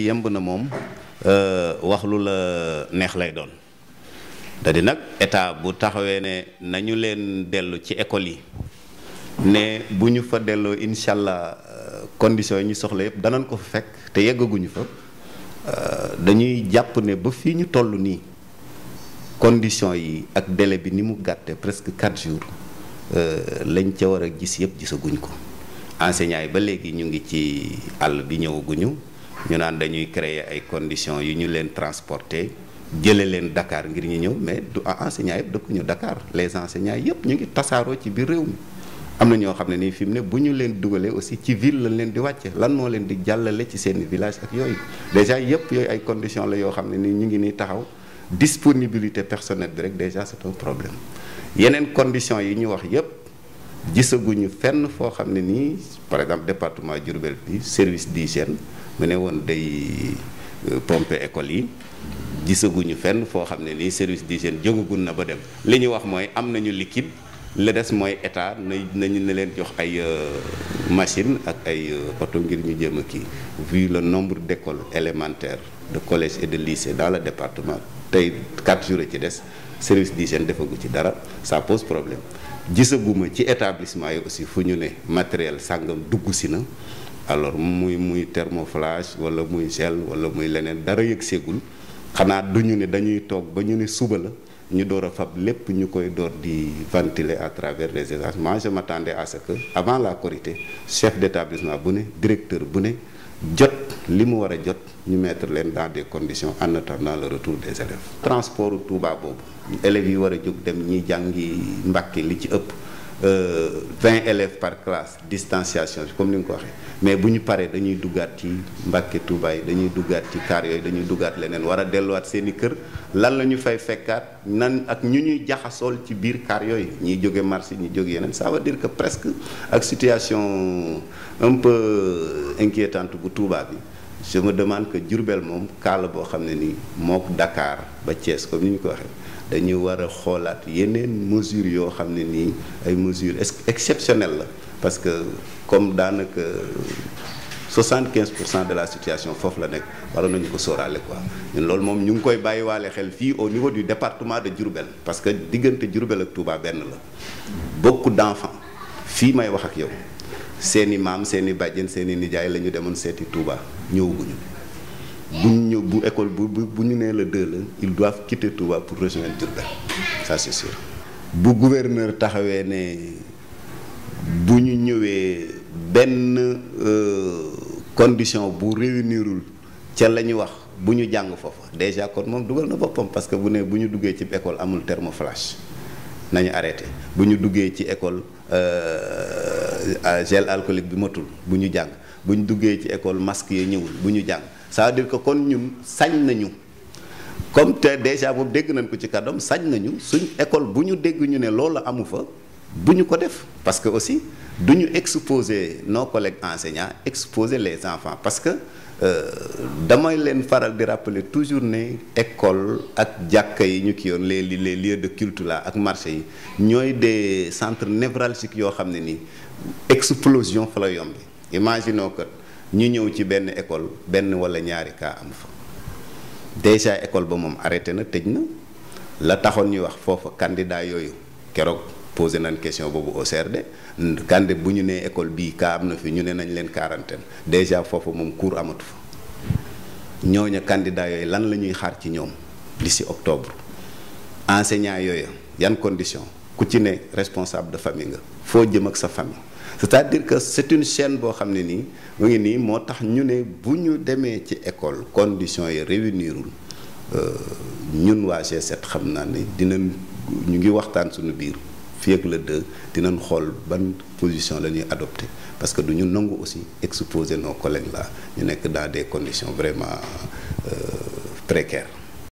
yemb na moom euh, wax lu la neex lay doon cest nag état bu taxawee ne nañu leen dellu ci école yi ne bu ñu fa delloo incha allah euh, conditions yi ñu soxla yëpp danañ ko fa fekk te yeggaguñu fa euh, dañuy jàpp ne ba fii ñu toll nii conditions yi ak délai bi ni mu gàtte presque quatre jours lañ ca war a gis yëpp gisaguñ ko enseignants yi ba léegi ñu ngi ci àll bi ñëwaguñu ñu naan dañuy créer ay conditions yu ñu leen transporter jële leen dakaar ngir ñu ñëw mais du ah, enseignants yëpp dëkkuñu dakaar les enseignants yëpp ñu ngi tasaaroo ci biir réew mi am na ñoo xam ne nii fi mu ne bu ñu leen dugalee aussi ci ville lañ leen di wàcce lan moo leen di jàllale ci seen village ak yooyu déjà yëpp yooyu ay conditions la yoo xam ne nii ñu ngi nii taxaw disponibilité personnelle bi rek déjà c'est un problème yeneen conditions yi ñu wax yëpp gisaguñu fenn foo xam ne nii par exemple département Diourbel bi service d'hygiène mu ne woon day euh, pompe école yi gisaguñu fenn foo xam ne nii service d'hygiène jógagul na ba dem li ñu wax mooy am na ñu liquide la des mooy état na nañu ne leen jox ay euh, machine ak ay euh, oto ngir ñu jéem a kii vu le nombre décole élémentaires de collèges et de lycées dans le département tey 4 jours ci des service d'hygiène defagu ci dara ça pose problème gisaguma ci établissement yi aussi fu ñu ne matériel sàngam dugg si na alors muy muy thermoflash wala muy gel wala muy leneen dara yëg seegul xanaa du ñu ne dañuy toog ba ñu ne suba la ñu door a fab lépp ñu koy door di ventiler à travers les étages moi je m'attendais à que avant la Korité chef d'établissement bu ne directeur bu ne jot li mu war a jot ñu mettre leen dans des conditions en attendant le retour des élèves transport Touba boobu élèves yi war a jóg dem ñi jàngi Mbàkke li ci ëpp Euh, vingt élèves par classe distanciation bi comme ni nga ko waxee mais bu ñu paree dañuy duggaat ci Mbàkke Tuuba dañuy duggaat ci kaar yooyu dañuy duggaat leneen war a delluwaat seen kër lan la ñu fay fekkaat nan ak ñu ñuy jaxasool ci biir kaar yooyu ñuy jóge marché ñuy jóge yeneen ça veut dire que presque ak situation un peu inquiétante bu Tuuba yi je me demande que Diourbel moom kaala boo xam ne nii mook dakaar ba Thiès comme ni ñu ko waxee dañuy war a xoolaat yeneen mesures yoo xam ne nii ay mesures exceptionnel la parce que comme daanaka 75 pour cent de la situation foofu la nekk waroon nañu ko sóoraale quoi ñun loolu moom ñu ngi koy bàyyiwaale xel fii au niveau du département de Diourbel parce que diggante Diourbel ak Touba benn la beaucoup d'enfants fii may wax ak yow seeni maam seeni bàjjen seeni nijaay la ñu demoon seeti Touba ñëwaguñu bu ñu bu école bu ñu nee la deux la ils doivent quitter pour rejoindre Diourbel ça c'est sûr. bu gouverneur taxawee ne bu ñu ñëwee benn euh, condition bu réunirul ca la ñu wax bu ñu jàng foofa déjà kon moom dugal na boppam parce que bu ne bu ñu duggee ci école amul thermoflash nañu arrêté bu ñu duggee ci école. Euh, gel alcoolique bi matul bu ñu jàng bu ñu duggee ci école masque yi ñëwul bu ñu jàng cest dire que kon ñun sañ nañu comme te déjà boobu dégg nañ ko ci kàddoom sañ nañu suñ école bu ñu dégg ñu ne loolu amu fa bu ñu ko def parce que aussi du ñu exposer nos collègues enseignants exposer les enfants parce que Euh, damay leen faral di rappeler toujours ne école ak jàkka yi ñu ki yoon les les lieux de culte ak marché yi ñooy des centres névralgiques yoo xam ne nii explosion fa la yombi imaginons que ñu ñëw ci benn école benn wala ñaari cas am fa déjà école ba moom arrêté na tëj na la taxoon ñuy wax foofa candidat yooyu keroog posé nañ question boobu au CRD kande bu ñu nee école bii kaa am na fi ñu ne nañ leen quarantaine déjà foofu moom cours amatu fa ñooña candidat yooyu lan la ñuy xaar ci ñoom d'ici octobre enseignant yooyu yan condition ku ci ne responsable de famille nga foo jëm ak sa famille c'est-à-dire que c'est une chaîne boo xam ne nii mu ngi nii moo tax ñu ne bu ñu demee ci école conditions yi réunirul euh, ñun waa g xam naa ni dina ñu ngi waxtaan suñu biir fii ak le 2 dinañ xool ban position la ñuy adopté parce que du ñu nangu aussi exposer nos collègues là ñu nekk dans des conditions vraiment euh, précaires.